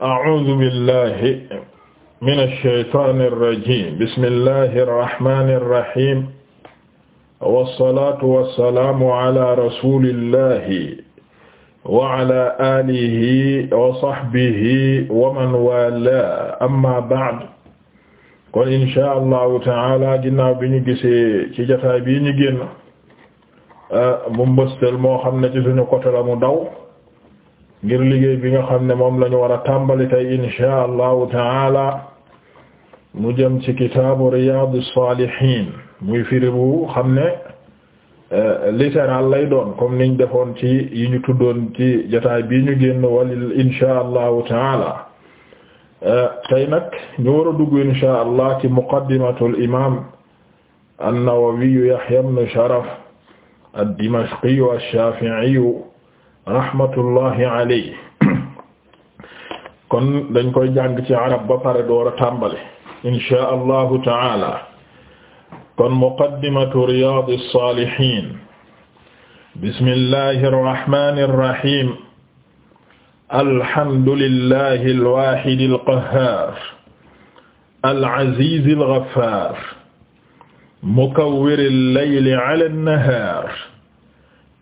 a'uuzu billahi mina shaytaani rajiim bismillahi rahmaani rahiim wasalaatu wasalaamu ala rasuulillahi wa ala aalihi wa sahbihi wa man waalaahu amma ba'd kon insha allahu ta'ala ginnaaw bi ñu gisee ci jotaay bi ñu génn ah, mu mbëstal moo xam ne ci suñu côté la mu daw. ngir liggéey bi nga xam ne moom lañu ñu war a tàmbali tey inshaa allahu taala mu jëm ci kitaabu riyaadu saalihiin muy firi bu xam ne euh, littéral lay doon comme niñ defoon ci yi ñu tuddoon ci jataay bii ñu génn walil inshaa allahu taala euh, tey ñu war a dugg inshaa allah ci muqaddimatul imaam an-Nawawi Yahya ibn Sharaf ad-Dimashqi ash-Shafi'i rahmatullahi alayhi kon dañ koy jàng ci arab ba pare door a tàmbale insha allahu taala kon muqaddimatu riyadi salihin bismillahi arrahmani arrahim alhamdulillahi alwahidi alqahhar alazizi alghaffar mukawwiri allayli ala annahar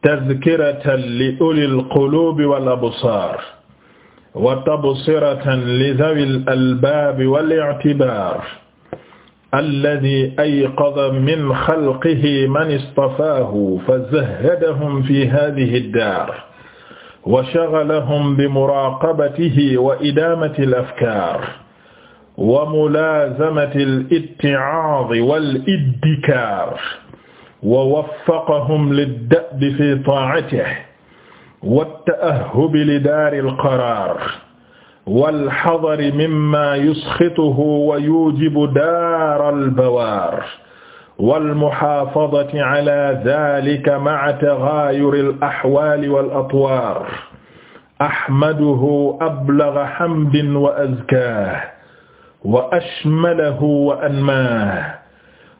tadhkiratan li ulil qulubi wal absar wa tabsiratan li dhawil albabi wal i'tibar alladhi ayqadha min khalqihi man istafahu fazahhadahum fi hadhihi ad-dar وشغلهم بمراقبته وإدامة الأفكار وملازمة الاتعاظ والإدكار wa waffaqahum lid-dabbi fi taa'atihi wat-ta'ahhubi li daaril qaraar wal-hadari mimmaa yusxituhu wa yuujibu daaral bawaar wal-muhaafadati alaa zaalika ma'a taghaayuril ahwaali wal atwaar ahmaduhu ablagha hamdin wa azkaahu wa ashmalahu wa anmaahu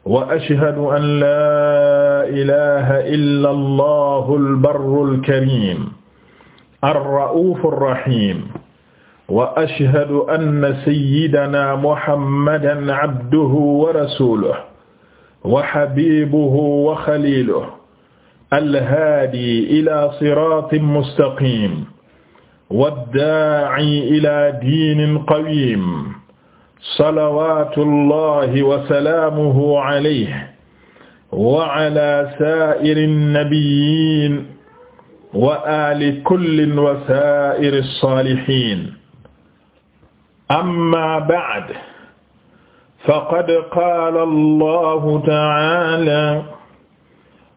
wa ashhadu an laa ilaaha illa allahu albarru alkarim arra'uufu arrahiim wa ashhadu anna sayyidana muhammadan abduhu wa rasuluhu wa habiibuhu wa xaliluhu alhaadi ila siraatin mustaqiim waddaa'i ila diinin qawiim salawaatullahi wa salaamuhu alayhi wa ala saa'iri nabiyyiin wa aali kullin wa saa'iri saalihiin amma ba'd faqad qaala allahu ta'aala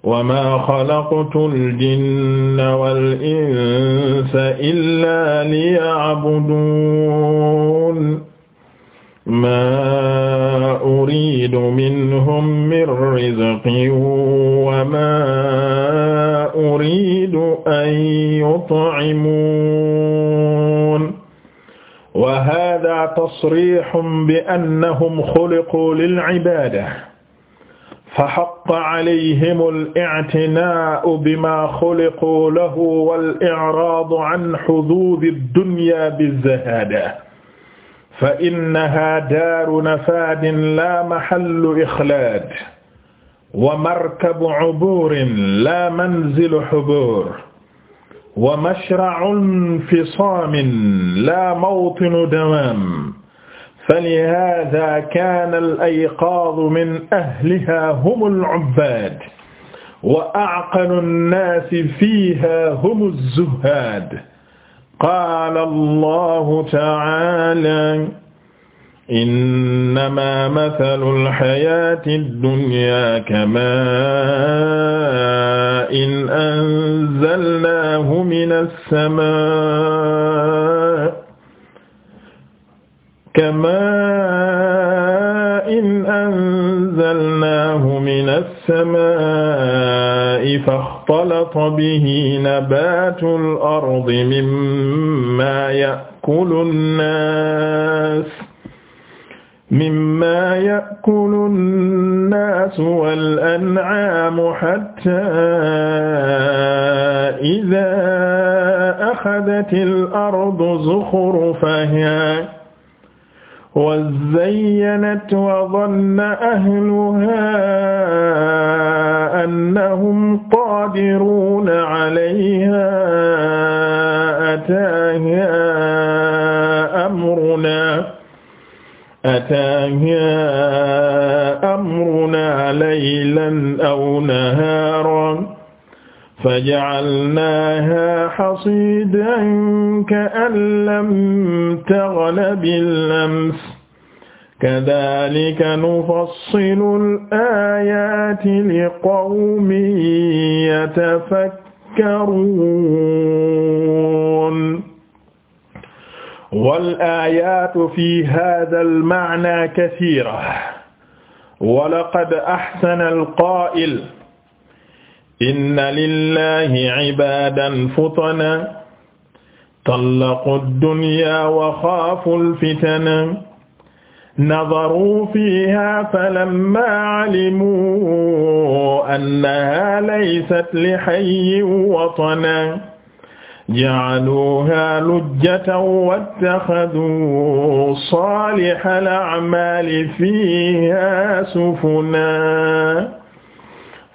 wa maa xalaqtul jinna wal insa illaa liya'buduun ma uridu minhum min rizqin wa ma uridu an yut'imun wa hadha tasrihun bi annahum xuliqu lil'ibada fa haqqa alayhim al-i'tina'u bima xuliqu lahu wal-i'radu an hududi ad-dunya bi-zahada fa innaha daaru nafaadin laa mahallu ixlaad wa markabu cubuurin laa manzilu xubuur wa mashracun fisaamin laa mawtinu dawaam falihaadaa kaana al-ayqaadu min ahlihaa humu al-cubbaad wa acqalu nnaasi fiihaa humu az-zuhhaad qaala allahu ta'aala innamaa masalul hayaati dunyaa kamaa'in anzalnaahu minas samaa'i kamaa'in anzalnaahu minas samaa'i faxtalata bihi nabaatul ardi ya'kulu an-nas mimma ya'kulu an-nas wal an'am hatta idha akhadhat al-ardu zukhrufaha amruna ataana amruna laylan aw naharan faja'alnaha hasidan ka'an lam taghna bil ams kadhalika nufassilu al-ayati liqawmin yatafakkarun wal aayaatu fi haadhal ma'naa kasiira wa laqad ahsanal qaa'il inna lillahi ibaadan futanaa tallaqu dunyaa wa xaaful fitanaa nadaruu fiihaa falammaa calimuu annahaa laysat li hayyin watanaa ja'aluha lujjatan wattaxadu salihal a'mali fiha sufuna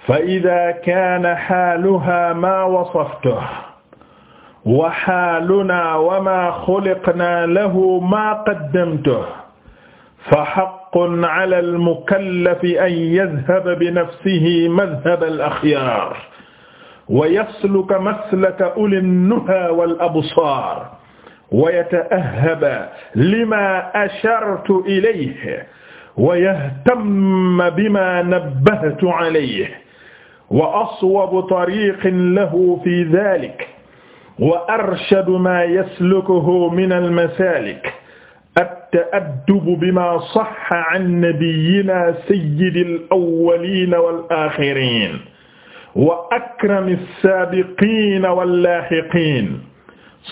fa ida kaana xaaluha maa wasaftuhu wa xaalunaa wa maa xuliqnaa lahu maa qaddamtuhu fa haqqun alal mukallafi an yadhhaba binafsihi madhhabal axyaar wa yasluka maslaka uli nnuha wal absaar wa yata'ahhaba lima ashartu ilayhi wa yahtamma bima nabbahtu alayhi wa aswabu tariqin lahu fi dhaalika wa arshadu maa yaslukuhu minal masaalik at-ta'addubu bimaa sahha an nabiyyinaa sayyidil awwaliina wal aaxiriin wa akrami saabiqiina wallaahiqiin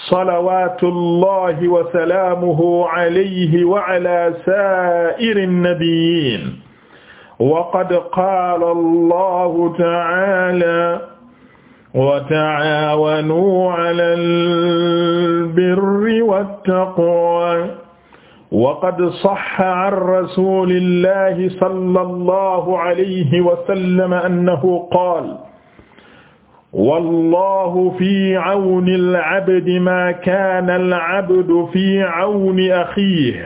salawaatullahi wa salaamuhu alayhi wa alaa saa'iri nnabiyyiin wa qad qaala allahu ta'aalaa wa ta'aawanuu alal birri wattaqwaa waqad saxa an rasuulillahi sallallahu alayhi wa sallam annahu qaala wallahu fi awni alabdi ma kaana alabdu fi awni axiihi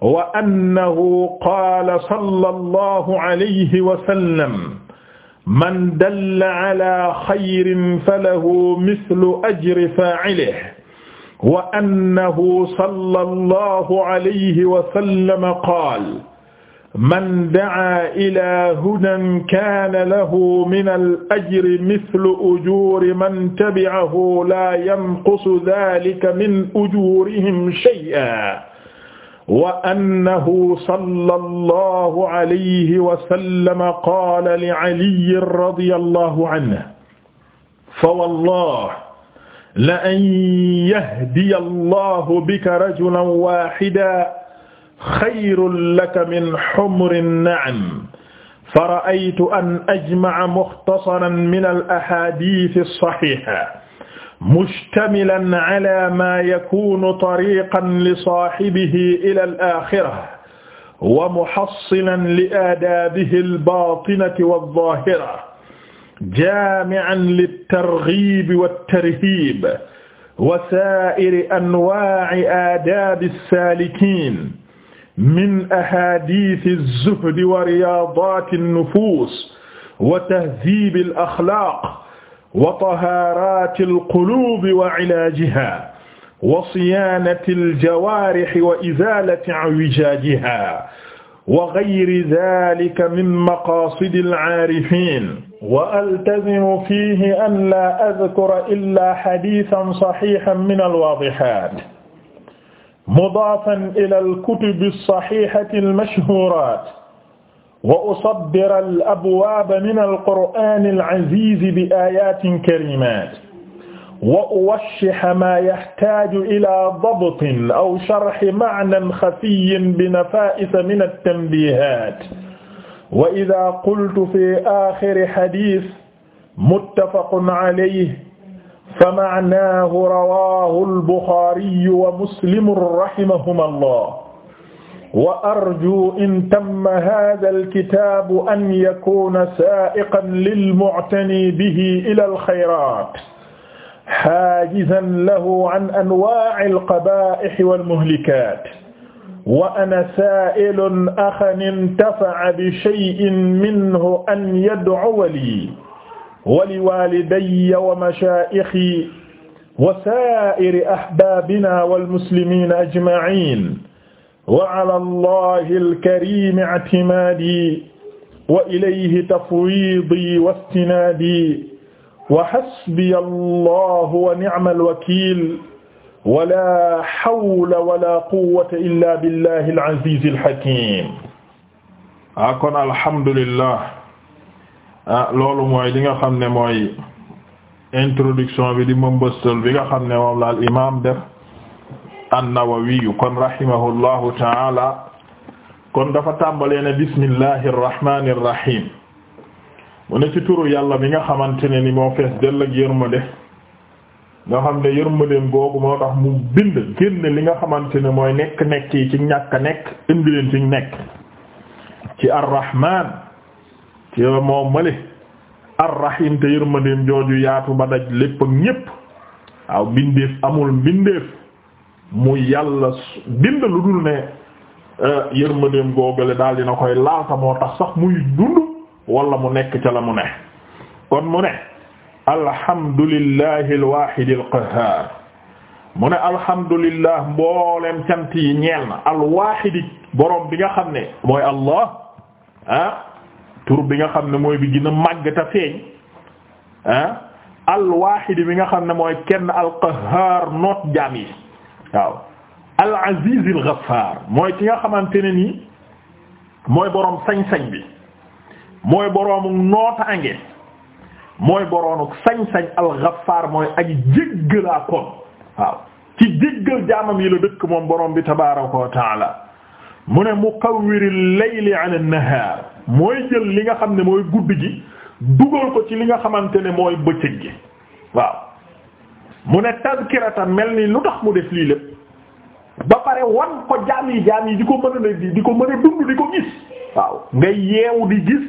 wa annahu qaala sallallahu alayhi wa sallam man dalla ala xayrin falahu mislu ajri faa'ilihi wa annahu sallallahu alayhi wa sallam qaala man dacaa ilaa hudan kaana lahu minal ajri mislu ujuuri man tabi'ahu laa yanqusu daalika min ujuurihim shay'an wa annahu sallallahu alayhi wa sallam qaala li Caliyyin radiyallahu canhu fawallaahi la an yahdiya Allahu bika rajulan waahidan xayrun laka min humri na'am fara'aytu an ajma'a mukhtasaran min al-ahaadiith as-sahiiha mujtamilan ala maa yakuunu tariiqan li saahibihi ila al-aaxira wa muhassilan li aadaabihi al-baatinati waz-zaahira jaami'an lit-targhiib wat-tarhiib wa saa'iri anwaa'i aadaabi as-saalikiin min ahadithi zuhdi wa riyaadaati nufuus wa tahdiibi al-axlaaq wa tahaaraati al-quluubi wa ilaajihaa wa siyaanati al-jawaarih wa izaalati awjaajihaa wa gayri zaalika min maqaasidi al-aarifiin wa altazimu fiihi an laa adkura illaa hadiisan sahiihan min al-waadihaat mudaafan ilal kutubi saxiixatil mashhuuraat wa usabbiral abwaaba minal qur'aanil aziizi bi aayaatin kariimaat wa uwashshiha maa yaxtaaju ilaa dabtin aw sharxi ma'nan xafiyyin bi nafaa'isa minat tanbiihaat wa idaa qultu fi aaxiri xadiis muttafaqun alayhi fa ma'naahu rawaahu al-Buxaari wa Muslim rahimahumaa Allah wa arjuu in tamma haadhal kitaabu an yakuuna saa'iqan lil-mu'tanii bihi ilal xayraat haajizan lahu an anwaa'il qabaa'ih wal muhlikaat wa ana saa'ilun axan intafa'a bi shay'in minhu an yad'uwa lii wa liwaalidayya wa mashaayixi wa saa'iri ahbaabinaa wal muslimiina ajma'iin wa alaa llaahil kariimi i'timaadii wa ilayhi tafwiidii wastinaadii wa hasbiya llaahu wa ni'mal wakiil wa laa hawla wa laa quwwata illaa billaahil aziizil hakiim. Kon alhamdulillah. ah loolu mooy li nga xam ne mooy introduction bi di mëmbëstal bi nga xam ne moom la al imam def an-Nawawi kon rahimahullahu taala kon dafa tàmbalee ne bismillahi irrahmani irrahim mu ne ci turu yàlla bi nga xamante ne ni moo fees dell ak yërmande nga xam ne yërmandeem googu moo tax mu bind génn li nga xamante ne mooy nekk-nekk yi ci ñàkk nekk indi ci nekk ci arrahman ci moom mali arrahim te yërmandeem jooju yaatu ba daj lépp ak ñépp waaw mbindeef amul mbindeef mu yàlla bind lu dul ne euh, yërmandeem googale daal dina koy laalta moo tax sax muy dund wala mu nekk ca la mu ne kon mu ne alhamdulillahi alwahidi alqahhar mu ne alhamdulillah mbooleem cant yi ñeel na alwahidi boroom bi nga xam ne mooy allah ah, tur bi nga xam ne mooy bi gën a màgg te feeñ ah alwaahidi bi nga xam ne mooy kenn alqahaar noot jaam yi waaw alaziz alghaffar mooy ki nga xamante ne nii mooy boroom sañ-sañ bi mooy boroomu nootaange mooy boroomu sañ-sañ alghaffar mooy aji jéggalaa waaw ci jéggal jaamam yi la dëkk moom boroom bi tabaraka wa taala mu ne mukawwiril layli an an-nahar mooy jël li nga xam ne mooy guddi gi dugal ko ci li nga xamante ne mooy bëccëg gi waaw mu ne tazkiratan mel ni lu tax mu def lii lépp ba pare wan ko jaam yi jaam yi di ko mën a di ko mën a dund di ko gis waaw nga yeewu di gis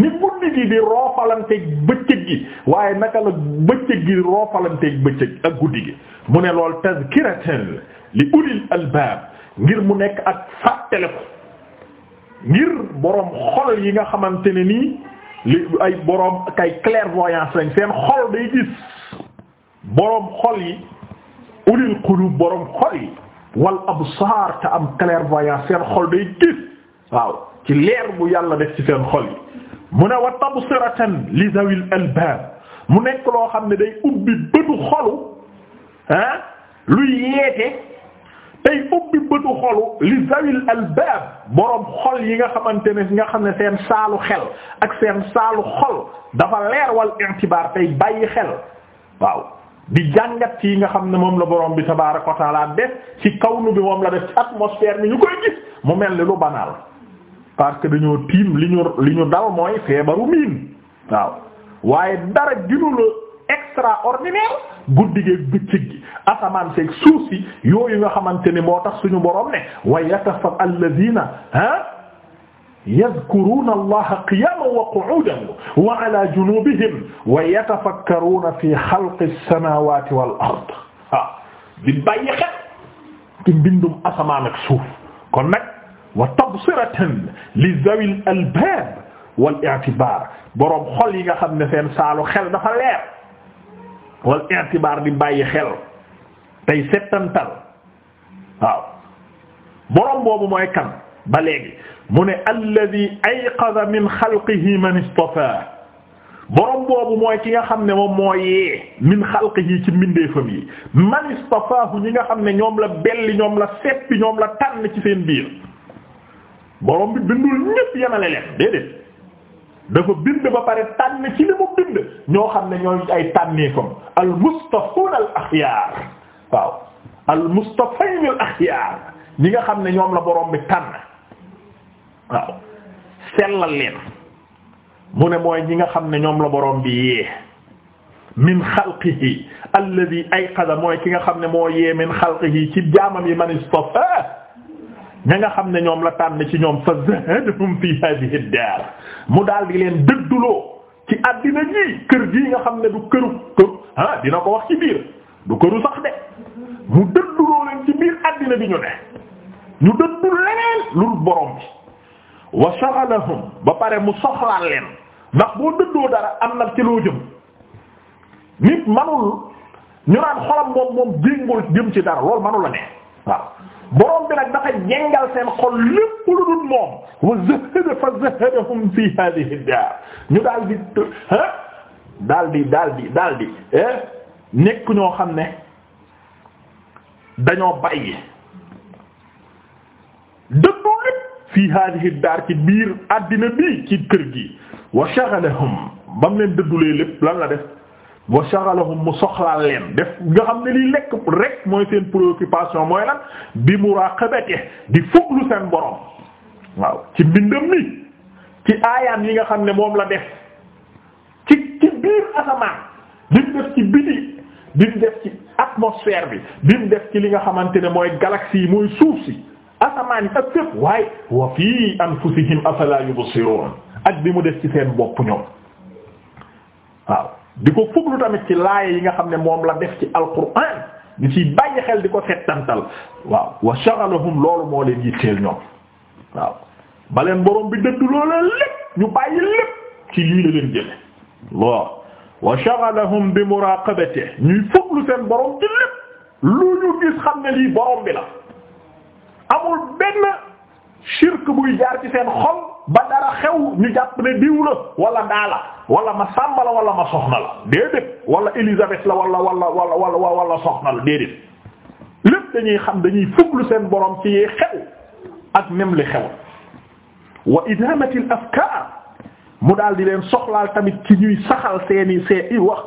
ni guddi gi di roofalanteeg bëccëg gi waaye naka la bëccëg gi roofalanteeg bëccëg ak guddi gi mu ne lool tazkiratan li ulil albaab ngir mu nekk ak fàttale ko ngir boroom xol yi nga xamante ne nii li ay boroom kay clairvoyance lañ seen xol day gis boroom xol yi ulil qulub boroom xol yi wal absaar te am clairvoyance seen xol day gis waaw ci leer bu yàlla def ci seen xol yi mu ne wa tabsiratan li zawil albaab mu nekk loo xam ne day ubbi bëtu xolu ah luy yeete tey ubbi bëtu xolu li zawil albaab boroom xol yi nga xamante ne nga xam ne seen saalu xel ak seen saalu xol dafa leer wal intibaar tey bàyyi xel waaw di jàngat ci yi nga xam ne moom la boroom bi tabaaraka wa taala def ci kaw kawnu bi moom la def ci atmosphère bi ñu koy gis mu mel ni lu banaal parce que dañoo tiim li ñu li ñu dal mooy feebaru miin waaw waaye dara ginu extraordinaire guddi gi bëccëg gi asamaan seeg suuf si yooyu nga xamante ni moo tax suñu borom ne wa yatafa alladina ah yadhkuruna allaha qiyaman wa qu'udan wa ala junubihim wa yatafakkaruna fi xalqi as-samawati wal ard waaw di bàyyi xel ci mbindum asamaan ak suuf kon nag wa tabsiratan li zawil albab wal i'tibar boroom xol yi nga xam ne seen saalu xel dafa leer wal i'tibaar di bàyyi xel tey settantal waaw borom boobu mooy kan ba léegi mu ne ay ayqadha min xalqihi man istafaa borom boobu mooy ki nga xam ne moom moo yee min xalqihi ci mbindeefam yi man istafaahu ñi nga xam ne ñoom la belli ñoom la seppi ñoom la tànn ci seen biir borom bi bindul ñépp yemale leen déedéet dafa bind ba pare tànn ci li mu bind ñoo xam ne ñooy ay tànneefam al mustafuuna al waaw al mustafayn al axyaar ñi nga xam ne ñoom la borom bi tànn waaw sellal leen mu ne mooy ñi nga xam ne ñoom la borom bi yee min xalqihi ay ayqada mooy ki nga xam ne moo yee min xalqihi ci jaamam yi man istafa ña nga xam ne ñoom la tànn ci ñoom fa zahadhum fi hadhihi ad mu daldi leen dëdduloo ci àddina ji kër gii nga xam ne du këru kër ah dina ko wax ci biir du këru sax de mu dëdduloo leen ci biir àddina bi ñu ne ñu dëddul leneen lu borom bi wa shaghalahum ba pare mu soxlaal leen ndax boo dëddoo dara am na ci loo jëm nit manul ñu naan xolam moom moom jéngul jëm ci dara loolu manu la ne waaw borom bi nag dafa jengal seen xol lépp lu dul moom wa zahada fa zahadahum fi hadhihi ad-dar ñu daal di ah daal di daal nekk ñoo xam ne dañoo bàyyi dëddu lépp fi hadhihi ad-dar ci biir àddina bi ci kër gi wa shaghalahum bam leen dëddulee lépp lan la def wa shaghalahum mu soxlaal leen def nga xam ne lii lekk rek mooy seen préoccupation mooy lan bi muraqabati di fuglu seen borom waaw ci mbindam mi ci aayam yi nga xam ne moom la def ci ci biir asamaan di def atmosphère bi di def ci li nga xamante ne mooy galaxie yi mooy suuf si asamaan yi ak fépp waaye wa fii anfusihim afala yubsirun ak bi mu def ci seen bopp ñoom waaw di ko fuglu tamit ci laaya yi nga xam ne moom la def ci alquran di ci bàyyi xel di ko settantal waaw wa shaghalahum loolu moo leen yitteel ñoom waaw ba leen bi dëdd looleen lépp ñu bàyyi lépp ci lii la leen jële waaw wa shaghalahum bi muraqabati ñuy fuglu seen borom ci lépp lu ñu gis xam ne lii borom bi la amul benn shirk buy jaar ci seen xol ba dara xew ñu jàpp ne diw la wala daa wala ma sàmba la wala ma soxna la déedéet wala Élisabeth la wala wala wala wala soxna la déedéet lépp dañuy xam dañuy fuglu seen borom ci yee xew ak même xew wa idamati mu daal di leen soxlaal tamit ci ñuy saxal seeni seen i wax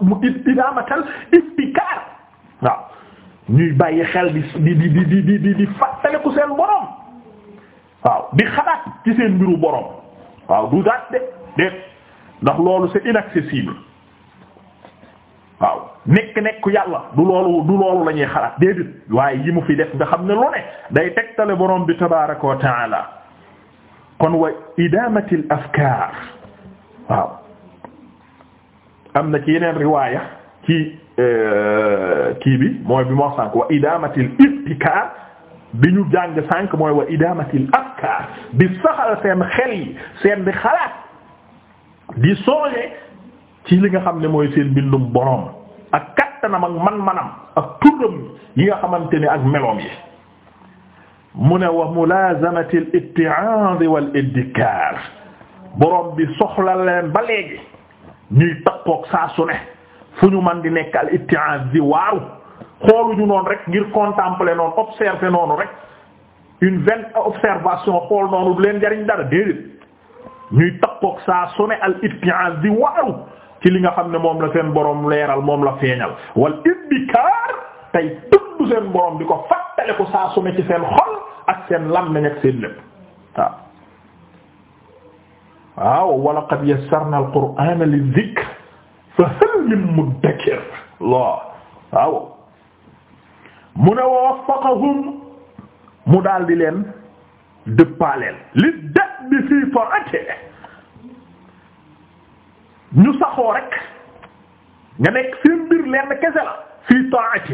bàyyi xel di di di di di di di seen borom di xalaat ci seen mbiru borom waaw du daat de déet ndax loolu c'est inaccessible waaw nekk nekk yàlla du loolu du loolu la ñuy xalaat déedéet waaye yi mu fi def nga xam ne lu day tegtale boroom bi tabaaraka wa kon wa idamati waaw am na ci yeneen riwaaya ci euh, kii bi mooy bi moo sànk wa idamati ibtikaar bi ñu jàng sànk mooy wa idamatil afkar di saxal seen xel yi seen di xalaat di songé ci li nga xam ne mooy seen bindum boroom ak kattanam ak man-manam ak turam yi nga xamante ni ak meloom yi mu ne wa mulazamati al itti'ad wal iddikar bi soxla leen ba léegi ñuy takkook saa ne fu ñu man di nekk al itti'ad waaru xooluñu noonu rek ngir contempler noonu observer noonu rek une observation xool noonu leen jariñ dara déedéet ñuy takkoog saa su ne al ittiaz di waaru ci li nga xam ne moom la seen borom leeral moom la feeñal wal ibdikaar tey tudd seen borom di ko fàttale ko saa su ci seen xol ak seen làmmiñ ak seen lépp waaw waaw wala qad yassarna al qur'ana li dhikr fa hal min muddakir waaw mu ne wa waffaqahum mu daal di leen dëppaaleel li det bi fii farate ñu saxoo rek nga nekk seen mbir kese la fii taati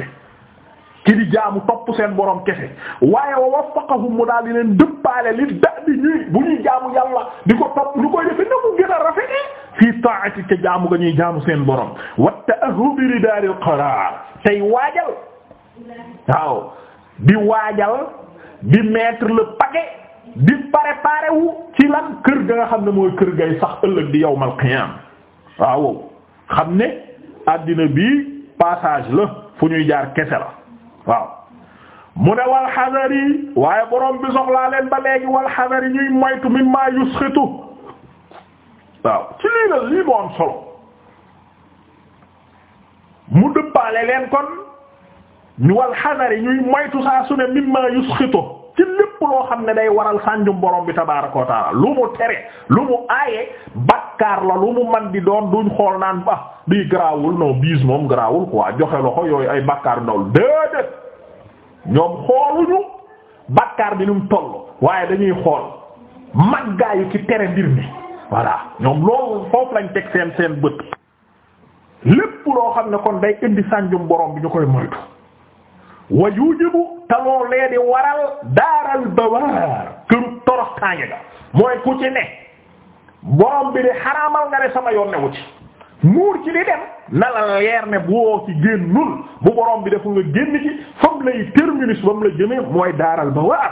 ki di jaamu topp seen borom kese waaye wa waffaqahum mu daal di leen dëppaale li da ñuy bu ñuy jaamu yàlla di ko topp ñu koy defe na mu gën a rafete fii taati ca jaamu ga ñuy jaamu seen borom wa ta'ahhubi ridaaril qaraar tey waajal waaw di waajal di mettre la paquet di préparer wu ci lan kër ga nga xam ne moo kër gay sax ëllëg di yawmal qiyam waaw xam ne àddina bi passage la fu ñuy jaar kese la waaw mu ne wal xasari waaye borom bi soxlaa leen ba léegi wal xasari ñuy moytu mimma yusxitu waaw ci lii la lii moo am solo mu dëppaale leen kon ñu wal xanari ñuy moytu saa su ne mimma yusxitu ci lépp loo xam ne day waral sànjum borom bi tabaaraka wa lu mu tere lu mu aaye bakkaar la lu mu man di doon duñ xool naan ba bii garaawul noo biis moom garaawul joxe loxo yooyu ay bakkaar ndawul déedéet ñoom xooluñu bakkaar bi waaye dañuy xool maggaayu ci tere mbir mi voilà ñoom loolu foofu lañ teg seen seen bët lépp loo xam ne kon day indi sànjum borom bi ñu koy moytu wa yujibu te loolee di waral daaral bawaar këru torox tànge ga mooy ku ci ne borom bi di xaraamal nga ne sama yoon ne wu ci ci di dem na la leer ne boo ci génnul bu borom bi dafa nga génn ci fam lay terminus ba mu la jëmee mooy daaral bawaar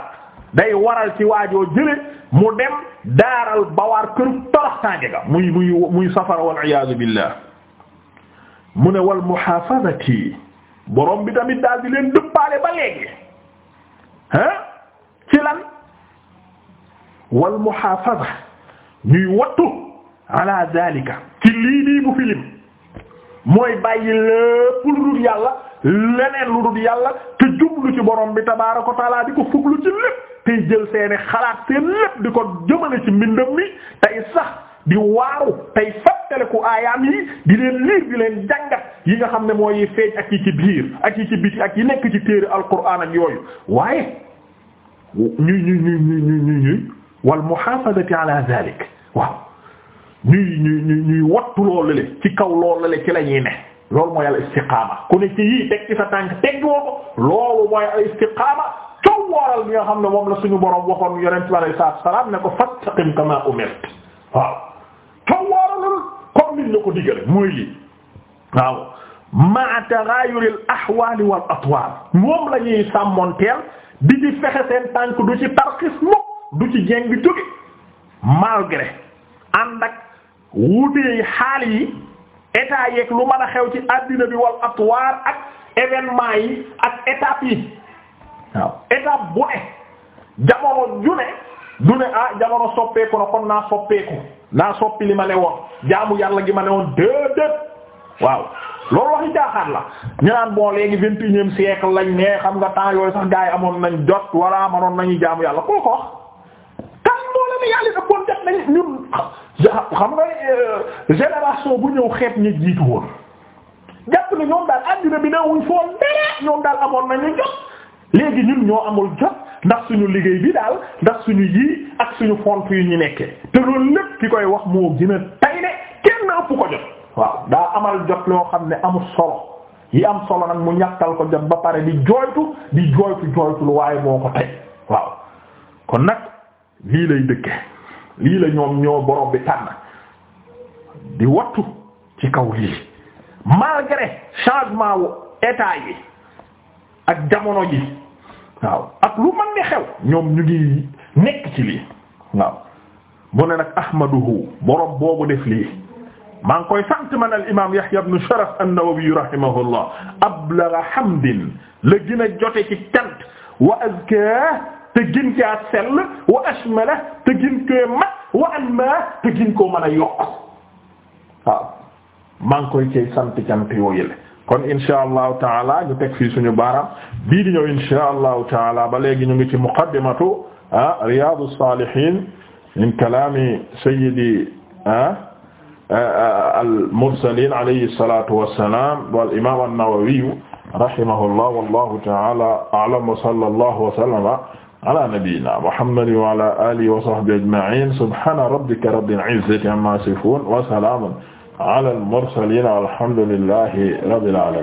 day waral ci waajoo jële mu dem daaral bawaar këru torox tànge ga muy muy muy safara wal iyaazu billah mu ne wal mu muhaafazati borom bi tamit daal di leen dëppaale ba léegi ah ci lan wal muhafaza ñuy wattu ala zalika ci lii nii bu filim mooy bàyyi lépp lu dul yàlla leneen lu dul yàlla te jublu ci borom bi tabaaraka wa taala di ko fuglu ci lépp tey jël seeni xalaat seen lépp di ko jëmale ci mbindam mi tey sax di waaru tey fàttaliku aayaam yi di liir di leen jàngat yi nga xam ne mooy feeñ ak yi ci ak yi nekk ci téere alquran ak waaye ñu ñu ñu ñu ñu ñu ñuy wal mu ala zalik waaw ñuy ñuy ñu ñuy le ci kaw loolu le ci la ñuy ne mooy al istiqaama ku ne ci yii teg ci sa tànk teg mooy al istiqaama coow wooral bi nga xam ne moom la suñu borom waxoon yonent bi alayhi salaatu wa salaam ne ko fastaqim kama umirt xawaaralul comme liñ la ko digale mooy lii waaw ma taghayuril ahwal wal atwar moom la ñuy sàmmonteel di ci fexe seen tànk du ci tarxis mukk du ci jéng bi jóge malgré ànd ak wuutee xaal yi état yeeg lu mën a xew ci àddina bi wal atwar ak événement yi ak étape yi waaw étape bu ne jamono ju ne du ne ah jamono soppeeku na kon naa soppeeku naa soppi li ma ne woon jaamu yàlla gi ma ne woon déedéet waaw loolu waxi jaaxaat la ñu naan boo léegi vingt et unième siècle lañ ne xam nga temps yooyu sax gars yi amoon nañ jot walla manoon nañu jaamu yàlla koo ko wax kan moo la ne yàlla ëppoon jot nañ ñun xam nga euh, génération bu ñëw xeet ñi jiitu woon jàpp ne ñoom daal àddina bi ne wuñ foon ñoom daal amoon nañu jot léegi ñun ñoo amul jot ndax suñu liggéey bi daal ndax suñu yii ak suñu font yu ñu nekkee te loolu lépp ki koy wax moo gën a tay ne kenn ëpp ko jot waaw daa amal jot loo xam ne amul solo yi am solo nag mu ñàkkal ko jot ba pare di jooytu di jooytu jooytu lu waaye moo ko tey waaw kon nag lii lay dëkke lii la ñoom ñoo borom bi tànn di wattu ci kaw lii malgré changement wu état yi ak jamono ji waaw ak lu man ni xew ñoom ñu ngi nekk ci lii waaw mu ne nag ahmaduhu borom boobu def lii maa ngi koy sant man al imam yahya ibn sharaf an-nawawi rahimahullah ablagha hamdin la gën a jote ci cant wa azka te gin caa sell wa ashmala te gin koy mat wa anma te gin koo mën a yokk waaw maa ngi koy cay sant cant yooyu la kon insha allahu taala ñu teg fii suñu baaraam bii di ñëw insha allahu taala ba léegi ñu ngi ci muqaddimatu ah Riyadu Salihin min kalaami sayyidi ah, ah al-mursalin alayhi salatu wa salaam wal imaam an-Nawawi rahimahullah wallahu taala a'lam wa sallallahu wa sallama ala nabiyyina Muhammadin wa ala alihi wa sahbihi ajma'in subhana rabbika rabbil izzati amma yasifun wa salamun ala al mursaliin walhamdulillahi rabbil aalamiin